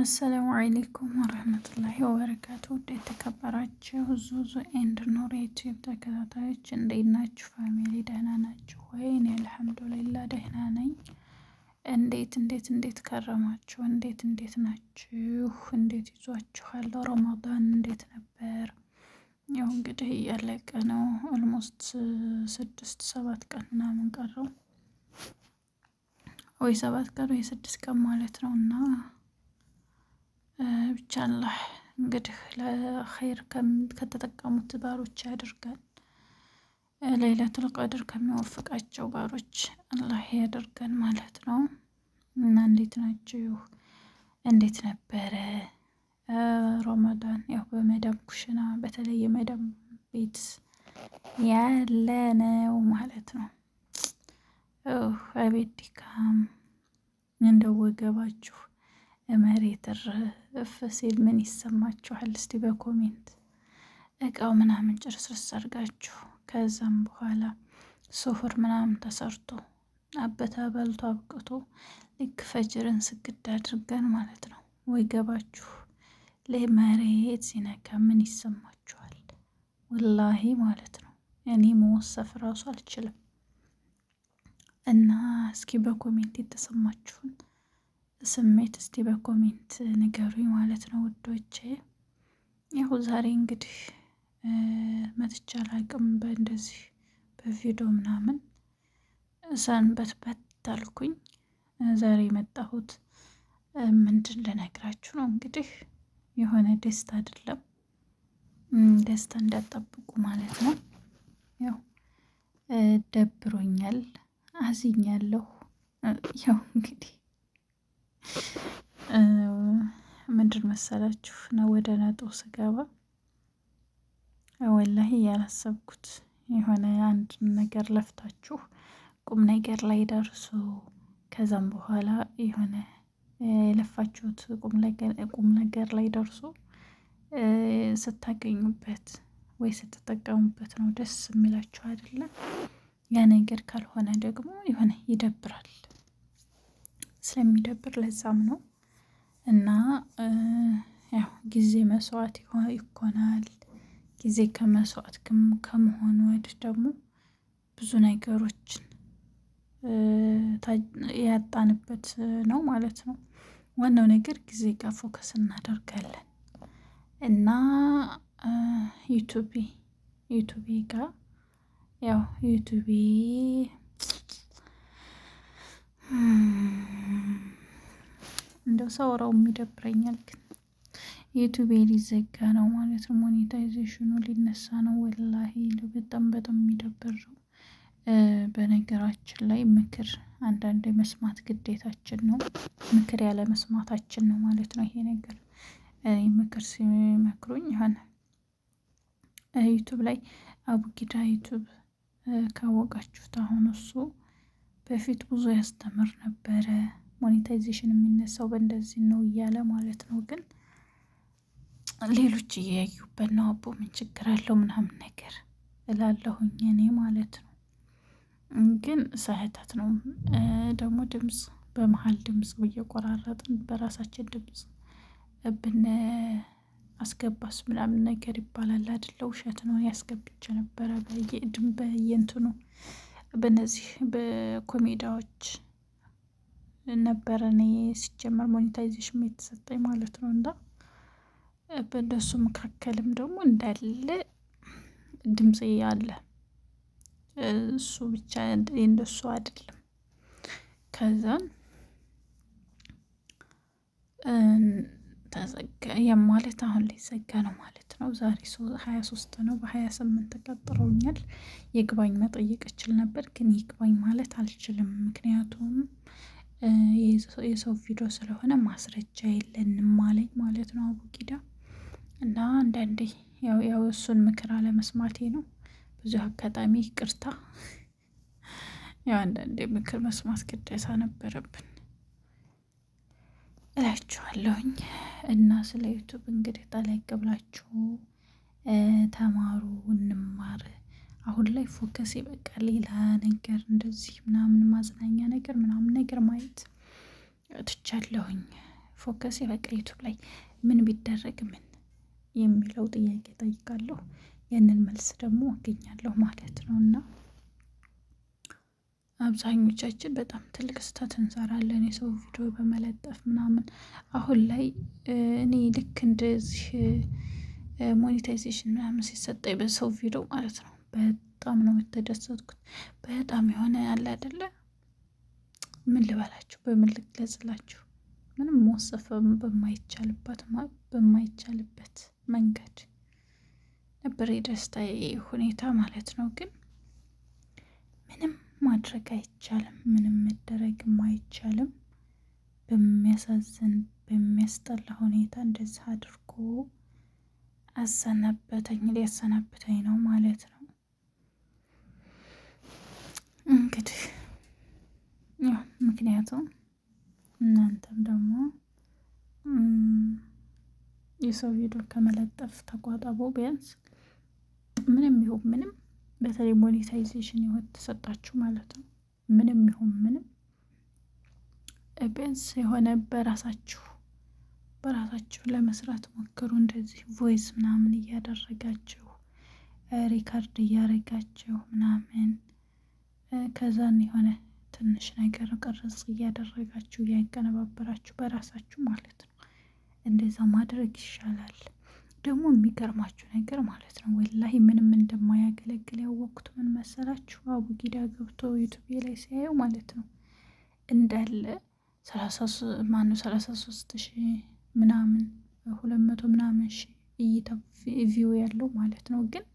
አሰላሙ አሌይኩም ወረህመቱላሂ ወበረካቱ። ውድ የተከበራችሁ ዙዙ ኤንድ ኑር ዩቲዩብ ተከታታዮች እንዴት ናችሁ? ፋሚሊ ደህና ናችሁ ወይ? እኔ አልሐምዱሊላ ደህና ነኝ። እንዴት እንዴት እንዴት ከረማችሁ? እንዴት እንዴት ናችሁ? እንዴት ይዟችኋል? ረመዳን እንዴት ነበር? ያው እንግዲህ እያለቀ ነው። ኦልሞስት ስድስት ሰባት ቀን ምናምን ቀረው ወይ ሰባት ቀን ወይ ስድስት ቀን ማለት ነው እና ባሮች አላህ እንግዲህ ለኸይር ከተጠቀሙት ባሮች ያድርገን ለይለቱል ቀድር ከሚወፍቃቸው ባሮች አላህ ያደርገን ማለት ነው። እና እንዴት ናችሁ? እንዴት ነበረ ሮመዳን? ያው በመዳም ኩሽና በተለይ የመዳም ቤት ያለ ነው ማለት ነው። አቤት ድካም እንደወገባችሁ መሬት እርፍ ሲል ምን ይሰማችኋል? እስቲ በኮሜንት እቃው ምናምን ጭርስርስ አድርጋችሁ ከዛም በኋላ ስሁር ምናምን ተሰርቶ አበታ በልቶ አብቅቶ ልክ ፈጅርን ስግድ አድርገን ማለት ነው ወይ ገባችሁ ለመሬት መሬት ሲነካ ምን ይሰማችኋል? ወላሂ ማለት ነው እኔ መወሰፍ ራሱ አልችልም። እና እስኪ በኮሜንት የተሰማችሁን ስሜት እስቲ በኮሜንት ንገሩኝ ማለት ነው ውዶቼ። ያው ዛሬ እንግዲህ መጥቼ አላቅም በእንደዚህ በቪዲዮ ምናምን ሰንበት በት ዛሬ የመጣሁት ምንድን ልነግራችሁ ነው እንግዲህ የሆነ ደስታ አይደለም፣ ደስታ እንዳጠብቁ ማለት ነው። ያው ደብሮኛል፣ አዝኛለሁ። ያው እንግዲህ ምንድን መሰላችሁ ነው ወደ ነጥቡ ስገባ ወላሂ ያላሰብኩት የሆነ አንድ ነገር ለፍታችሁ ቁም ነገር ላይ ደርሶ ከዛም በኋላ የሆነ የለፋችሁት ቁም ነገር ላይ ደርሶ ስታገኙበት ወይ ስትጠቀሙበት ነው ደስ የሚላችሁ አይደለም? ያ ነገር ካልሆነ ደግሞ የሆነ ይደብራል። ስለሚደብር ለዛም ነው እና ያው ጊዜ መስዋዕት ይኮናል። ጊዜ ከመስዋዕት ከመሆን ወዲህ ደግሞ ብዙ ነገሮችን ያጣንበት ነው ማለት ነው። ዋናው ነገር ጊዜ ጋር ፎከስ እናደርጋለን እና ዩቱቤ ዩቱቤ ጋር ያው ዩቱቤ እንደው ሳወራው የሚደብረኛል ግን ዩቱቤ ሊዘጋ ነው ማለት ነው። ሞኔታይዜሽኑ ሊነሳ ነው። ወላሂ በጣም በጣም የሚደብረው በነገራችን ላይ ምክር አንዳንድ መስማት ግዴታችን ነው። ምክር ያለ መስማታችን ነው ማለት ነው ይሄ ነገር። ምክር ሲመክሩኝ ሆነ ዩቱብ ላይ አቡጊዳ ዩቱብ ካወቃችሁት አሁን እሱ በፊት ብዙ ያስተምር ነበረ። ሞኔታይዜሽን የሚነሳው በእንደዚህ ነው እያለ ማለት ነው። ግን ሌሎች እያዩበት ነው። አቦ ምን ችግር አለው ምናምን ነገር እላለሁኝ እኔ ማለት ነው። ግን ሳህታት ነው ደግሞ ድምፅ በመሀል ድምፅ እየቆራረጥን በራሳችን ድምፅ ብነ አስገባስ ምናምን ነገር ይባላል አይደለ? ውሸት ነው። ያስገብቼ ነበረ በየድም በየንትኑ በነዚህ በኮሜዳዎች ነበረ እኔ ሲጀመር ሞኔታይዜሽን የተሰጠኝ ማለት ነው። እና በእነሱ መካከልም ደግሞ እንዳለ ድምጽ አለ። እሱ ብቻ እንደሱ አይደለም። ከዛን ተዘጋ ማለት አሁን ሊዘጋ ነው ማለት ነው። ዛሬ ሀያ ሶስት ነው በሀያ ስምንት ቀጥረውኛል። ይግባኝ መጠየቅ እችል ነበር ግን ይግባኝ ማለት አልችልም ምክንያቱም የሰው ቪዲዮ ስለሆነ ማስረጃ የለንም አለኝ ማለት ነው አቡጊዳ። እና አንዳንዴ ያው እሱን ምክር አለመስማቴ ነው። ብዙ አጋጣሚ ቅርታ ያው አንዳንዴ ምክር መስማት ግዴታ ነበረብን እላችኋለሁኝ። እና ስለ ዩቱብ እንግዲህ ጠለቅ ብላችሁ ተማሩ፣ እንማር አሁን ላይ ፎከሴ በቃ ሌላ ነገር እንደዚህ ምናምን ማዝናኛ ነገር ምናምን ነገር ማየት ትቻለሁኝ። ፎከሴ በቃ ዩቱብ ላይ ምን ቢደረግ ምን የሚለው ጥያቄ ጠይቃለሁ። ያንን መልስ ደግሞ አገኛለሁ ማለት ነው። እና አብዛኞቻችን በጣም ትልቅ ስህተት እንሰራለን፣ የሰው ቪዲዮ በመለጠፍ ምናምን። አሁን ላይ እኔ ልክ እንደዚህ ሞኔታይዜሽን ምናምን ሲሰጠኝ በሰው ቪዲዮ ማለት ነው በጣም ነው የተደሰትኩት። በጣም የሆነ ያለ አይደለ ምን ልበላችሁ፣ በምን ልግለጽላችሁ፣ ምንም መወሰፈ በማይቻልበት በማይቻልበት መንገድ ነበር የደስታ ሁኔታ ማለት ነው። ግን ምንም ማድረግ አይቻልም፣ ምንም መደረግም አይቻልም። በሚያሳዝን በሚያስጠላ ሁኔታ እንደዚህ አድርጎ አሰናበተኝ፣ ሊያሰናብተኝ ነው ማለት ነው። እንግዲህ ምክንያቱም እናንተም ደግሞ የሰው ቪዲዮ ከመለጠፍ ተቋጠቡ። ቢያንስ ምንም ይሁን ምንም በተለይ ሞኔታይዜሽን ህይወት ተሰጣችሁ ማለት ነው። ምንም ይሁን ምንም ቢያንስ የሆነ በራሳችሁ በራሳችሁ ለመስራት ሞክሩ። እንደዚህ ቮይስ ምናምን እያደረጋችሁ ሪከርድ እያደረጋችሁ ምናምን ከዛን የሆነ ትንሽ ነገር ቅርጽ እያደረጋችሁ እያቀነባበራችሁ በራሳችሁ ማለት ነው። እንደዛ ማድረግ ይሻላል። ደግሞ የሚገርማችሁ ነገር ማለት ነው ወላሂ ምንም እንደማያገለግል ያወቅኩት ምን መሰላችሁ? አቡጊዳ ገብቶ ዩቱቤ ላይ ሲያየው ማለት ነው እንዳለ ማነው ሰላሳ ሶስት ሺ ምናምን ሁለት መቶ ምናምን ሺ እይታ ቪው ያለው ማለት ነው። ግን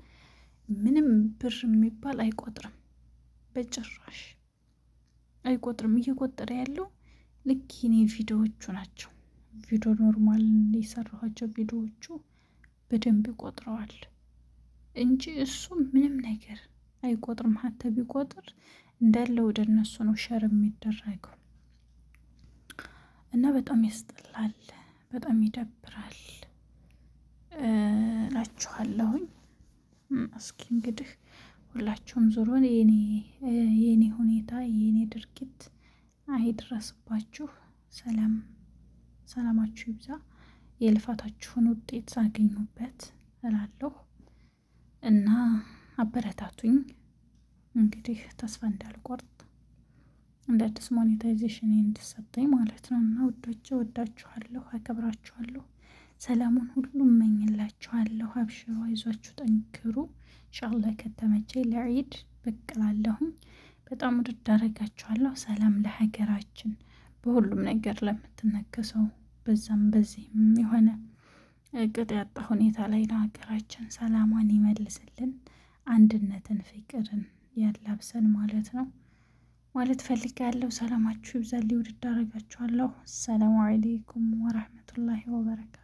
ምንም ብር የሚባል አይቆጥርም። በጭራሽ አይቆጥርም። እየቆጠረ ያለው ልክ የኔ ቪዲዮዎቹ ናቸው። ቪዲዮ ኖርማል የሰራኋቸው ቪዲዮዎቹ በደንብ ይቆጥረዋል እንጂ እሱ ምንም ነገር አይቆጥርም። ሀተ ቢቆጥር እንዳለ ወደ እነሱ ነው ሸር የሚደረገው እና በጣም ያስጠላል፣ በጣም ይደብራል እላችኋለሁኝ። እስኪ እንግዲህ ሁላችሁም ዙሩን የኔ ሁኔታ የኔ ድርጊት አይድረስባችሁ። ሰላም ሰላማችሁ ይብዛ፣ የልፋታችሁን ውጤት አገኙበት እላለሁ እና አበረታቱኝ። እንግዲህ ተስፋ እንዳልቆርጥ እንደ አዲስ ሞኔታይዜሽን እንዲሰጠኝ ማለት ነው እና ውዶቼ ወዳችኋለሁ፣ አከብራችኋለሁ። ሰላሙን ሁሉ እመኝላችኋለሁ። አብሽሮ ይዟችሁ ጠንክሩ። ሻላ ከተመቼ ለዒድ ብቅ እላለሁኝ። በጣም ውድድ አደርጋችኋለሁ። ሰላም ለሀገራችን፣ በሁሉም ነገር ለምትነከሰው በዛም በዚህም የሆነ ቅጥ ያጣ ሁኔታ ላይ ለሀገራችን ሀገራችን። ሰላሟን ይመልስልን፣ አንድነትን ፍቅርን ያላብሰን ማለት ነው ማለት ፈልጋለሁ። ሰላማችሁ ይብዛል። ውድድ አደርጋችኋለሁ። ሰላሙ አሌይኩም ወረህመቱላሂ ወበረካቱ